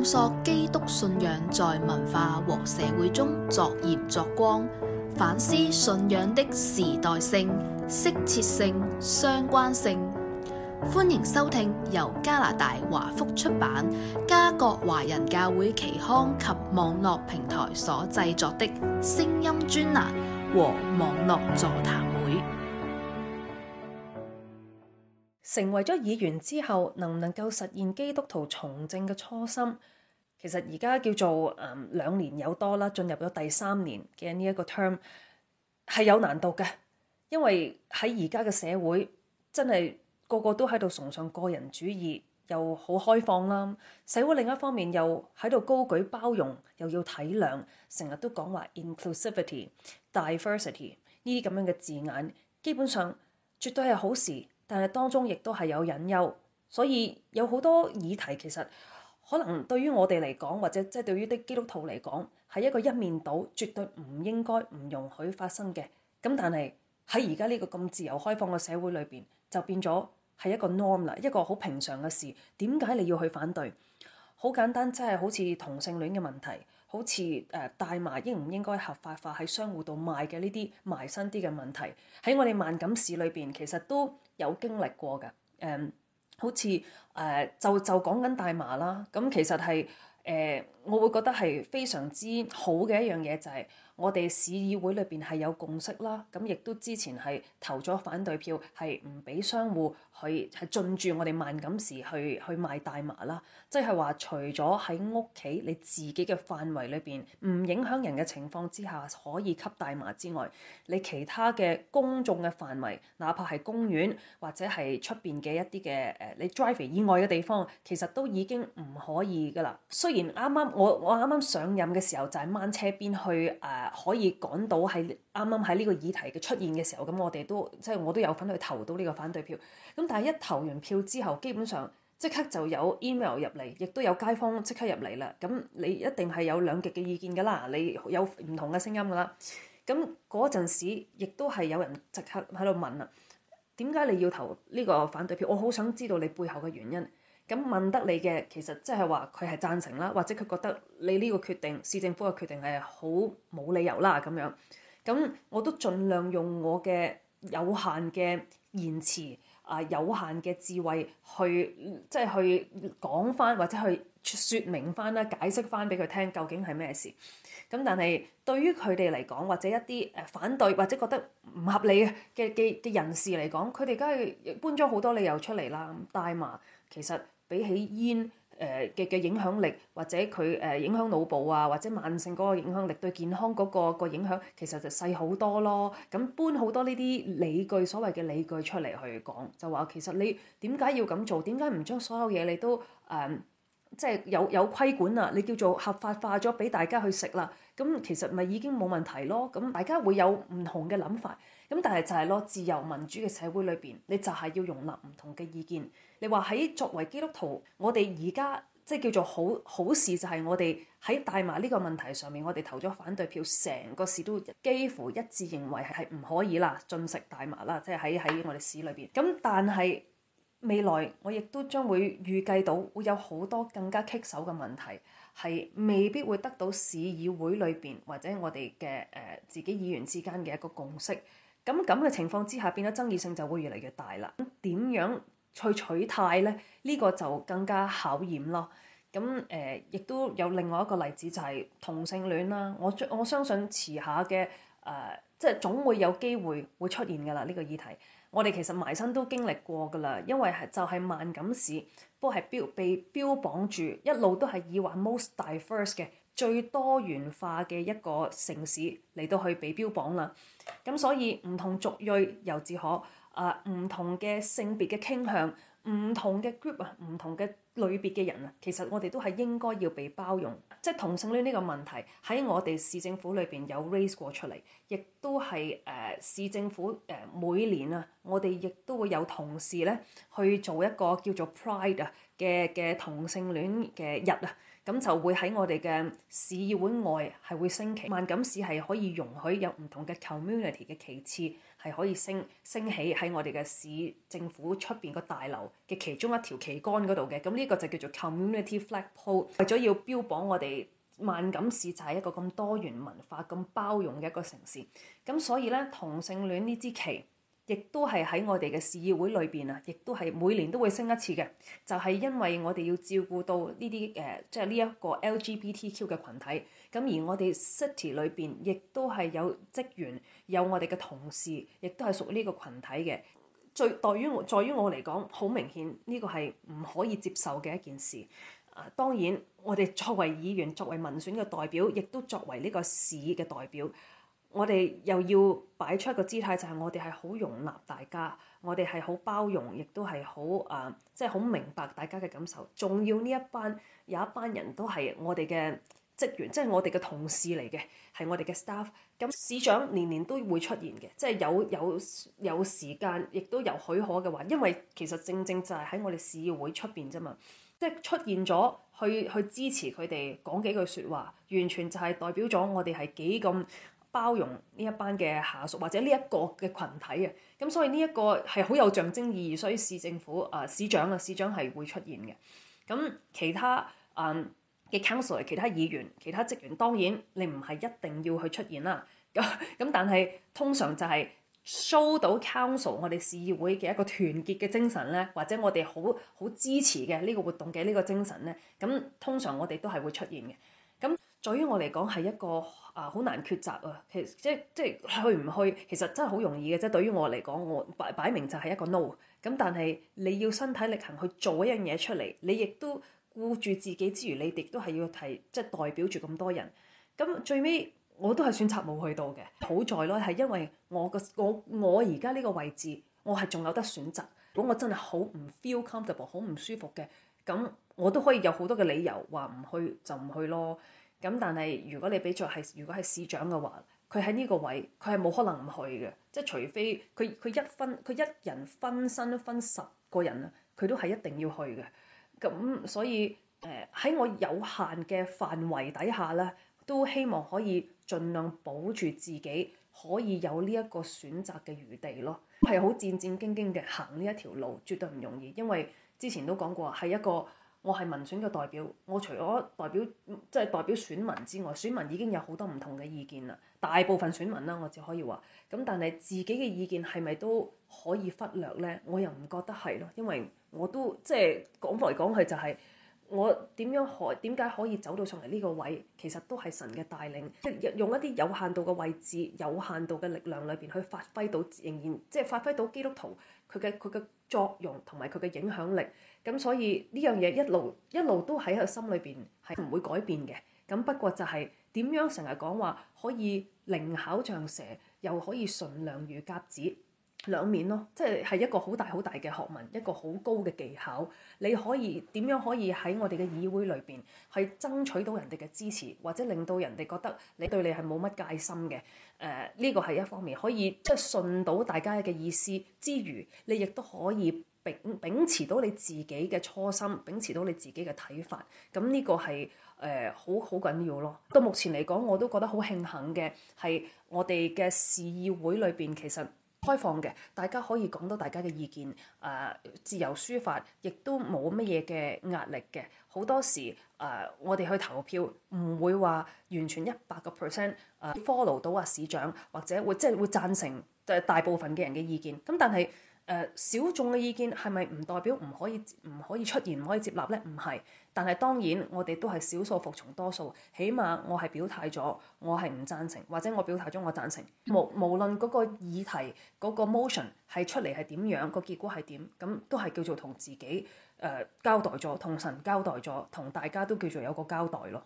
探索基督信仰在文化和社會中作鹽作光，反思信仰的時代性、適切性、相關性。歡迎收聽由加拿大華福出版、加國華人教會期刊及網絡平台所製作的聲音專欄和網絡座談。成為咗議員之後，能唔能夠實現基督徒從政嘅初心？其實而家叫做誒、嗯、兩年有多啦，進入咗第三年嘅呢一個 term 係有難度嘅，因為喺而家嘅社會真係個個都喺度崇尚個人主義，又好開放啦。社會另一方面又喺度高舉包容，又要體諒，成日都講話 inclusivity、diversity 呢啲咁樣嘅字眼，基本上絕對係好事。但係當中亦都係有隱憂，所以有好多議題其實可能對於我哋嚟講，或者即係對於啲基督徒嚟講，係一個一面倒，絕對唔應該唔容許發生嘅。咁但係喺而家呢個咁自由開放嘅社會裏邊，就變咗係一個 norm 啦，一個好平常嘅事。點解你要去反對？好簡單，即係好似同性戀嘅問題，好似誒大麻應唔應該合法化喺商戶度賣嘅呢啲埋身啲嘅問題，喺我哋萬錦市裏邊其實都有經歷過㗎，誒，um，好似誒，就就講緊大麻啦，咁其實係誒，uh, 我會覺得係非常之好嘅一樣嘢就係、是。我哋市議會裏邊係有共識啦，咁亦都之前係投咗反對票，係唔俾商戶去係進駐我哋萬錦市去去賣大麻啦。即係話除咗喺屋企你自己嘅範圍裏邊，唔影響人嘅情況之下，可以吸大麻之外，你其他嘅公眾嘅範圍，哪怕係公園或者係出邊嘅一啲嘅誒你 drive 以外嘅地方，其實都已經唔可以㗎啦。雖然啱啱我我啱啱上任嘅時候就係、是、掹車邊去誒。呃可以趕到喺啱啱喺呢個議題嘅出現嘅時候，咁我哋都即係、就是、我都有份去投到呢個反對票。咁但係一投完票之後，基本上即刻就有 email 入嚟，亦都有街坊即刻入嚟啦。咁你一定係有兩極嘅意見㗎啦，你有唔同嘅聲音㗎啦。咁嗰陣時亦都係有人即刻喺度問啦，點解你要投呢個反對票？我好想知道你背後嘅原因。咁問得你嘅，其實即係話佢係贊成啦，或者佢覺得你呢個決定，市政府嘅決定係好冇理由啦咁樣。咁我都盡量用我嘅有限嘅言辭啊、呃，有限嘅智慧去、呃、即係去講翻，或者去説明翻啦，解釋翻俾佢聽究竟係咩事。咁但係對於佢哋嚟講，或者一啲誒反對或者覺得唔合理嘅嘅嘅人士嚟講，佢哋梗係搬咗好多理由出嚟啦。但係嘛，其實。比起煙誒嘅嘅影響力，或者佢誒影響腦部啊，或者慢性嗰個影響力對健康嗰個影響，其實就細好多咯。咁搬好多呢啲理據，所謂嘅理據出嚟去講，就話其實你點解要咁做？點解唔將所有嘢你都誒即係有有規管啊？你叫做合法化咗俾大家去食啦。咁其實咪已經冇問題咯？咁大家會有唔同嘅諗法，咁但係就係咯，自由民主嘅社會裏邊，你就係要容納唔同嘅意見。你話喺作為基督徒，我哋而家即係叫做好好事，就係我哋喺大麻呢個問題上面，我哋投咗反對票，成個市都幾乎一致認為係唔可以啦，進食大麻啦，即係喺喺我哋市裏邊。咁但係未來我亦都將會預計到會有好多更加棘手嘅問題。係未必會得到市議會裏邊或者我哋嘅誒自己議員之間嘅一個共識，咁咁嘅情況之下，變得爭議性就會越嚟越大啦。咁點樣去取態咧？呢、這個就更加考驗咯。咁、嗯、誒、呃，亦都有另外一個例子就係、是、同性戀啦。我我相信遲下嘅誒、呃，即係總會有機會會出現㗎啦，呢、這個議題。我哋其實埋身都經歷過㗎啦，因為係就係萬錦市，都係標被標榜住一路都係以話 most diverse 嘅最多元化嘅一個城市嚟到去被標榜啦。咁所以唔同族裔猶自可啊，唔同嘅性別嘅傾向，唔同嘅 group 啊，唔同嘅類別嘅人啊，其實我哋都係應該要被包容，即係同性戀呢個問題喺我哋市政府裏邊有 raise 過出嚟，亦都係誒、呃、市政府誒、呃、每年啊，我哋亦都會有同事咧去做一個叫做 Pride 啊嘅嘅同性戀嘅日啊。咁就會喺我哋嘅市議會外係會升旗，萬錦市係可以容許有唔同嘅 community 嘅旗幟係可以升升起喺我哋嘅市政府出邊個大樓嘅其中一條旗杆嗰度嘅，咁呢個就叫做 community flagpole。為咗要標榜我哋萬錦市就係一個咁多元文化、咁包容嘅一個城市，咁所以呢，同性戀呢支旗。亦都係喺我哋嘅市議會裏邊啊，亦都係每年都會升一次嘅，就係、係、因為我哋要照顧到呢啲誒，即係呢一個 LGBTQ 嘅群體。咁而我哋 City 裏邊亦都係有職員，有我哋嘅同事，亦都係屬於呢個群體嘅。最對於我，在於我嚟講，好明顯呢、呢個係唔可以接受嘅一件事。啊，當然我哋作為議員，作為民選嘅代表，亦都作為呢個市嘅代表。我哋又要擺出一個姿態，就係我哋係好容納大家，我哋係好包容，亦都係好啊，即係好明白大家嘅感受。仲要呢一班有一班人都係我哋嘅職員，即係我哋嘅同事嚟嘅，係我哋嘅 staff。咁市長年年都會出現嘅，即係有有有時間，亦都有許可嘅話，因為其實正正就係喺我哋市議會出邊啫嘛，即係出現咗去去支持佢哋，講幾句説話，完全就係代表咗我哋係幾咁包容呢一班嘅下屬或者呢一個嘅群體啊，咁所以呢一個係好有象徵意義，所以市政府啊、呃，市長啊，市長係會出現嘅。咁其他啊嘅 council，其他議員、其他職員，當然你唔係一定要去出現啦。咁咁，但係通常就係 show 到 council，我哋市議會嘅一個團結嘅精神咧，或者我哋好好支持嘅呢個活動嘅呢個精神咧，咁通常我哋都係會出現嘅。咁。對於我嚟講係一個啊，好難抉擇啊！其實即即去唔去，其實真係好容易嘅。即對於我嚟講，我擺擺明就係一個 no。咁但係你要身體力行去做一樣嘢出嚟，你亦都顧住自己之餘，你哋都係要提，即代表住咁多人。咁、嗯、最尾我都係選擇冇去到嘅。好在囉，係因為我個我我而家呢個位置，我係仲有得選擇。如果我真係好唔 feel comfortable，好唔舒服嘅，咁、嗯、我都可以有好多嘅理由話唔去就唔去咯。咁但係如果你比作係如果係市長嘅話，佢喺呢個位佢係冇可能唔去嘅，即係除非佢佢一分佢一人分身分十個人啊，佢都係一定要去嘅。咁所以誒喺、呃、我有限嘅範圍底下呢，都希望可以盡量保住自己可以有呢一個選擇嘅餘地咯，係好戰戰兢兢嘅行呢一條路，絕對唔容易，因為之前都講過係一個。我係民選嘅代表，我除咗代表即係代表選民之外，選民已經有好多唔同嘅意見啦。大部分選民啦，我就可以話，咁但係自己嘅意見係咪都可以忽略呢？我又唔覺得係咯，因為我都即係講嚟講去就係、是。我點樣可點解可以走到上嚟呢個位？其實都係神嘅帶領，即用一啲有限度嘅位置、有限度嘅力量裏邊去發揮到，仍然即係發揮到基督徒佢嘅佢嘅作用同埋佢嘅影響力。咁所以呢樣嘢一路一路都喺佢心裏邊係唔會改變嘅。咁不過就係、是、點樣成日講話可以靈巧像蛇，又可以純良如鴿子。兩面咯，即係係一個好大好大嘅學問，一個好高嘅技巧。你可以點樣可以喺我哋嘅議會裏邊，去爭取到人哋嘅支持，或者令到人哋覺得你對你係冇乜戒心嘅？誒、呃，呢、呢個係一方面可以即係順到大家嘅意思之餘，你亦都可以秉，秉持到你自己嘅初心，秉持到你自己嘅睇法。咁呢個係誒好好緊要咯。到目前嚟講，我都覺得好慶幸嘅係我哋嘅市議會裏邊，其實開放嘅，大家可以講到大家嘅意見，誒、呃、自由抒發亦都冇乜嘢嘅壓力嘅。好多時誒、呃，我哋去投票唔會話完全一百個、呃、percent 誒 follow 到啊市長，或者會即係、就是、會贊成誒大部分嘅人嘅意見。咁但係誒、呃、小眾嘅意見係咪唔代表唔可以，唔可以出現，唔可以接納咧？唔係。但係當然，我哋都係少數服從多數。起碼我係表態咗，我係唔贊成，或者我表態咗我贊成。無無論嗰個議題嗰個 motion 係出嚟係點樣，個結果係點，咁都係叫做同自己誒呃交代咗，同神交代咗，同大家都叫做有個交代咯。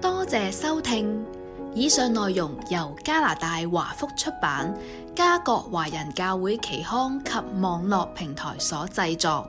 多謝收聽以上內容，由加拿大華福出版、加國華人教會期刊及網絡平台所製作。